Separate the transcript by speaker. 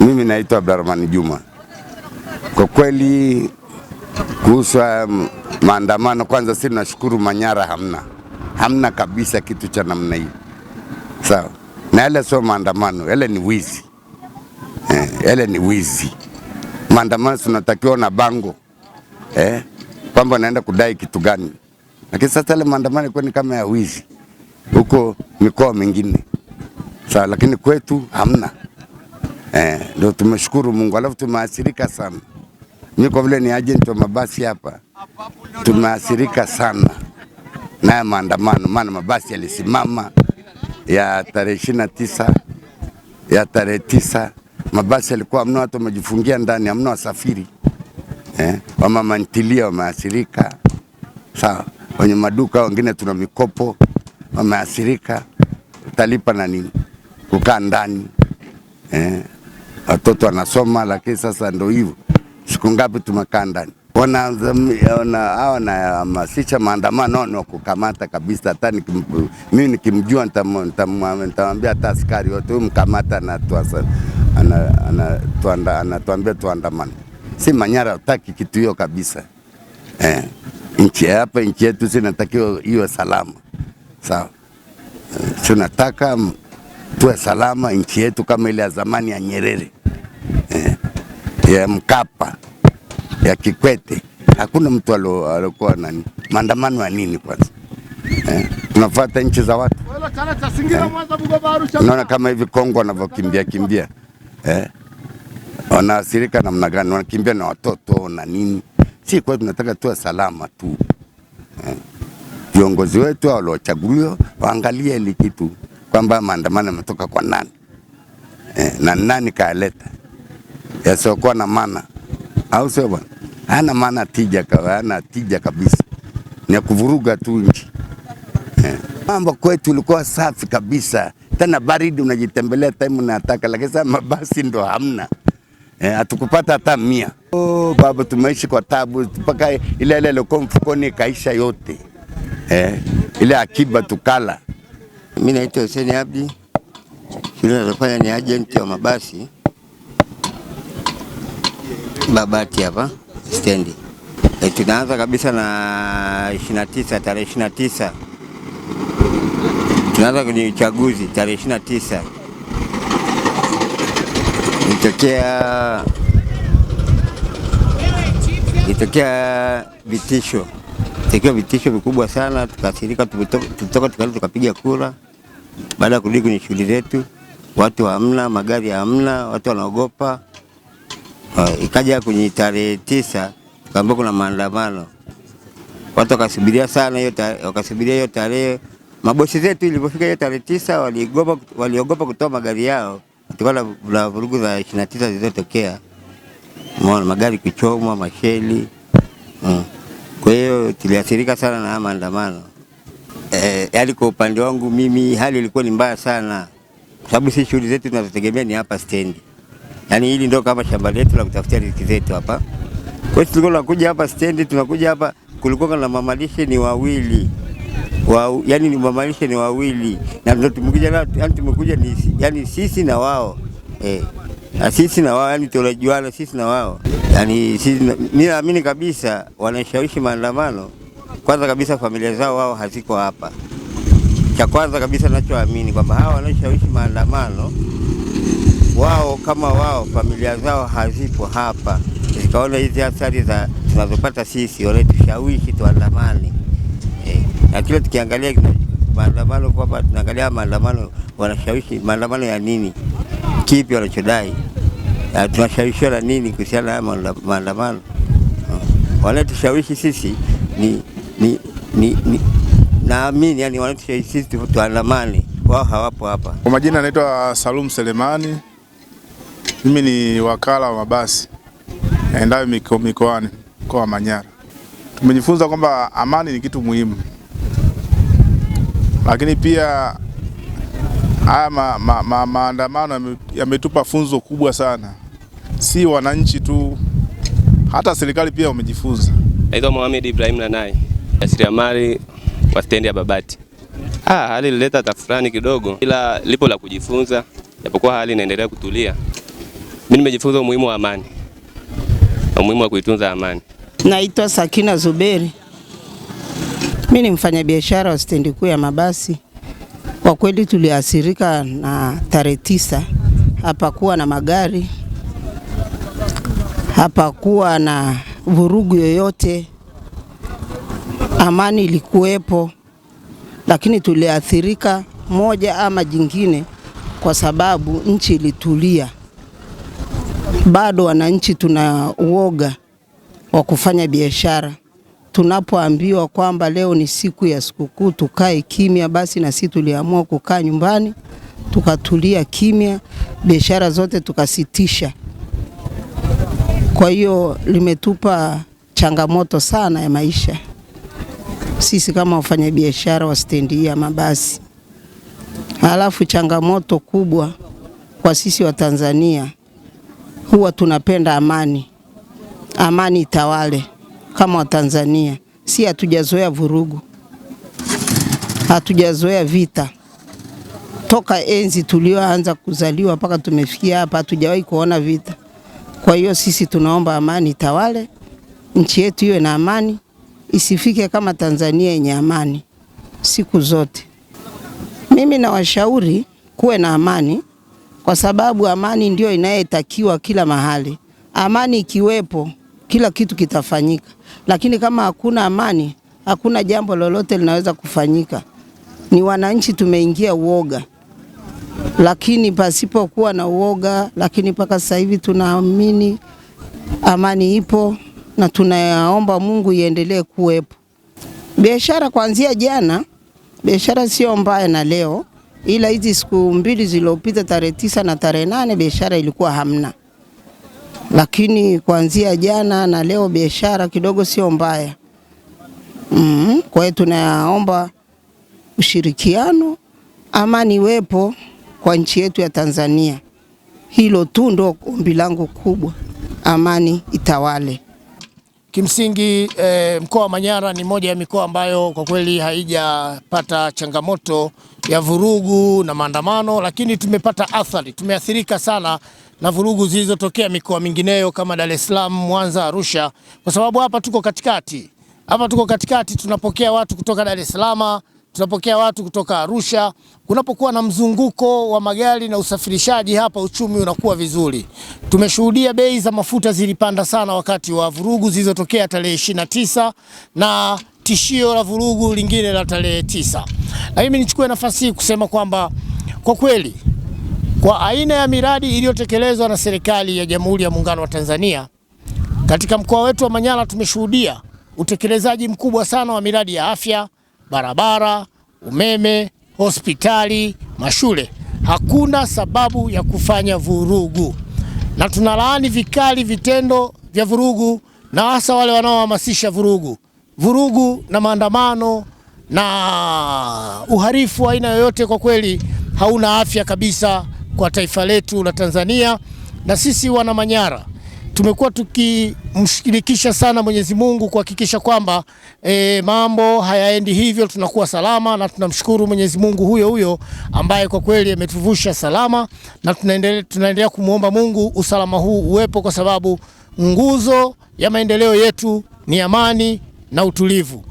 Speaker 1: Mimi naitwa Abdurahman Juma. Kwa kweli kuhusu maandamano, kwanza si nashukuru Manyara, hamna hamna kabisa kitu cha namna hii, sawa na yale sio maandamano, yale ni wizi eh, yale ni wizi. Maandamano tunatakiwa na bango eh, kwamba naenda kudai kitu gani, lakini sasa yale maandamano ni kama ya wizi huko mikoa mingine, sawa, lakini kwetu hamna. Eh, ndio tumeshukuru Mungu, alafu tumeathirika sana. Mimi kwa vile ni agent wa mabasi hapa, tumeathirika sana na maandamano, maana mabasi yalisimama ya tarehe ishirini na tisa ya tarehe tisa mabasi yalikuwa amna watu wamejifungia ndani, amna wasafiri eh, wamama ntilia wameathirika, sawa. Wenye maduka wengine tuna mikopo wameathirika, utalipa na nini kukaa ndani eh watoto wanasoma, lakini sasa ndio hivyo, siku ngapi tumekaa ndani hawa nahamasisha maandamano ni wakukamata kabisa. Hata mimi nikimjua nitamwambia hata askari wote huyu mkamata, anatuambia tuandamane. Si Manyara hataki kitu hiyo kabisa eh. Nchi hapa nchi yetu sinatakiwa iwe salama sawa. Tunataka eh, tuwe salama nchi yetu kama ile ya zamani ya Nyerere ya Mkapa ya Kikwete hakuna mtu aliokuwa nani maandamano ya nini kwanza eh? Tunafuata nchi za watu eh? kama hivi Kongo wanavyokimbia kimbia eh? Wanaathirika namna gani? Wanakimbia na watoto na nini? Si kwa tunataka tuwe salama tu eh? Viongozi wetu waliochaguliwa waangalie hili kitu kwamba maandamano yametoka kwa nani eh? na nani kaaleta yasiokuwa na maana, au sio bwana? Hana maana tija, hana tija kabisa, ni ya kuvuruga tu nchi eh. Mambo kwetu ilikuwa safi kabisa, tena baridi, unajitembelea time unataka, lakini sasa mabasi ndo hamna eh, hatukupata hata mia. Oh, baba, tumeishi kwa tabu mpaka ile ile ilikuwa mfukoni kaisha yote eh, ile akiba tukala. Mimi naitwa Hussein Abdi, mimi nafanya ni agent wa mabasi. Babati hapa stendi. E, tunaanza kabisa na 29 tarehe 29 tunaanza kwenye uchaguzi tarehe 29 itokea itokea vitisho itokea vitisho vikubwa sana, tukaathirika, tulitoka tukaenda tukapiga kura. Baada ya kurudi kwenye shughuli zetu, watu hamna, magari hamna, watu wanaogopa Eh, ikaja kwenye tarehe tisa kaambia kuna maandamano, watu wakasubiria sana hiyo, wakasubiria hiyo tarehe. Mabosi zetu ilipofika hiyo tarehe tisa waliogopa, waliogopa kutoa magari yao kutokana na vurugu za ishirini na tisa zilizotokea, umeona magari kuchomwa, masheli mm. Kwa hiyo tuliathirika sana na maandamano eh, yaani kwa upande wangu mimi hali ilikuwa ni mbaya sana, kwa sababu si shughuli zetu tunazotegemea ni hapa stendi Yani hili ndio kama shamba letu la kutafutia riziki zetu hapa. Kwa hiyo tulikuwa tunakuja hapa stendi, tunakuja hapa kulikuwa na mamalishe ni wawili wa, yani ni mamalishe ni wawili na ndio tumekuja na yani tumekuja ni yani sisi na wao eh, na sisi na wao yani tunajuana sisi na wao yani sisi, mimi naamini kabisa wanashawishi maandamano. Kwanza kabisa familia zao wao haziko hapa, cha kwanza kabisa nachoamini kwamba hawa wanashawishi maandamano wao kama wao familia zao hazipo hapa, zikaona hizi athari za tunazopata sisi, wanatushawishi tuandamane eh, na tukiangalia maandamano kwamba tunaangalia maandamano, wanashawishi maandamano ya nini? Kipi wanachodai? Ah, tunashawishiwa na nini kuhusiana na maandamano? Eh, wanatushawishi sisi ni, ni, ni, ni naamini yani wanatushawishi sisi tuandamane, wao hawapo hapa.
Speaker 2: Kwa majina anaitwa Salum Selemani mimi ni wakala wa mabasi endayo miko, mikoani mkoa wa Manyara. Tumejifunza kwamba amani ni kitu muhimu, lakini pia haya ma, ma, ma, maandamano yametupa funzo kubwa sana, si wananchi tu, hata serikali pia wamejifunza.
Speaker 3: Naitwa Mohamed Ibrahim Lanai, jasiriamali wa stendi ya Babati. Ah, hali ilileta tafurani kidogo, ila lipo la kujifunza, japokuwa hali inaendelea kutulia. Mimi nimejifunza umuhimu wa amani, umuhimu wa kuitunza amani.
Speaker 4: Naitwa Sakina Zuberi, mimi ni mfanyabiashara wa stendi kuu ya mabasi. Kwa kweli tuliathirika na tarehe tisa, hapakuwa na magari, hapakuwa na vurugu yoyote, amani ilikuwepo, lakini tuliathirika moja ama jingine, kwa sababu nchi ilitulia bado wananchi tuna uoga wa kufanya biashara. Tunapoambiwa kwamba leo ni siku ya sikukuu tukae kimya, basi na sisi tuliamua kukaa nyumbani tukatulia kimya, biashara zote tukasitisha. Kwa hiyo limetupa changamoto sana ya maisha sisi kama wafanyabiashara wa stendi ya mabasi. Halafu changamoto kubwa kwa sisi wa Tanzania huwa tunapenda amani, amani itawale kama Watanzania. Si hatujazoea vurugu, hatujazoea vita toka enzi tulioanza kuzaliwa mpaka tumefikia hapa, hatujawahi kuona vita. Kwa hiyo sisi tunaomba amani itawale nchi yetu, iwe na amani, isifike kama Tanzania yenye amani siku zote. Mimi nawashauri kuwe na amani, kwa sababu amani ndio inayetakiwa kila mahali. Amani ikiwepo, kila kitu kitafanyika, lakini kama hakuna amani, hakuna jambo lolote linaweza kufanyika. Ni wananchi tumeingia uoga, lakini pasipokuwa na uoga, lakini mpaka sasa hivi tunaamini amani ipo na tunaomba Mungu iendelee kuwepo. Biashara kuanzia jana, biashara sio mbaya na leo ila hizi siku mbili zilizopita tarehe tisa na tarehe nane biashara ilikuwa hamna, lakini kuanzia jana na leo biashara kidogo sio mbaya. Mm -hmm. Kwa hiyo tunaomba ushirikiano, amani iwepo kwa nchi yetu ya Tanzania. Hilo tu ndo ombi langu kubwa, amani itawale.
Speaker 5: Kimsingi e, mkoa wa Manyara ni moja ya mikoa ambayo kwa kweli haijapata changamoto ya vurugu na maandamano, lakini tumepata athari, tumeathirika sana na vurugu zilizotokea mikoa mingineyo kama Dar es Salaam, Mwanza, Arusha, kwa sababu hapa tuko katikati. Hapa tuko katikati, tunapokea watu kutoka Dar es Salaam tunapokea watu kutoka Arusha. Kunapokuwa na mzunguko wa magari na usafirishaji hapa, uchumi unakuwa vizuri. Tumeshuhudia bei za mafuta zilipanda sana wakati wa vurugu zilizotokea tarehe 29 na tishio la vurugu lingine la tarehe tisa. Na mimi nichukue nafasi hii kusema kwamba kwa kweli kwa aina ya miradi iliyotekelezwa na serikali ya Jamhuri ya Muungano wa Tanzania katika mkoa wetu wa Manyara tumeshuhudia utekelezaji mkubwa sana wa miradi ya afya, barabara, umeme, hospitali, mashule. Hakuna sababu ya kufanya vurugu, na tunalaani vikali vitendo vya vurugu na hasa wale wanaohamasisha vurugu, vurugu na maandamano na uhalifu wa aina yoyote. Kwa kweli hauna afya kabisa kwa taifa letu la Tanzania, na sisi wana Manyara tumekuwa tukimshirikisha sana Mwenyezi Mungu kuhakikisha kwamba e, mambo hayaendi hivyo, tunakuwa salama na tunamshukuru Mwenyezi Mungu huyo huyo ambaye kwa kweli ametuvusha salama, na tunaendelea tunaendelea kumwomba Mungu usalama huu uwepo, kwa sababu nguzo ya maendeleo yetu ni amani na utulivu.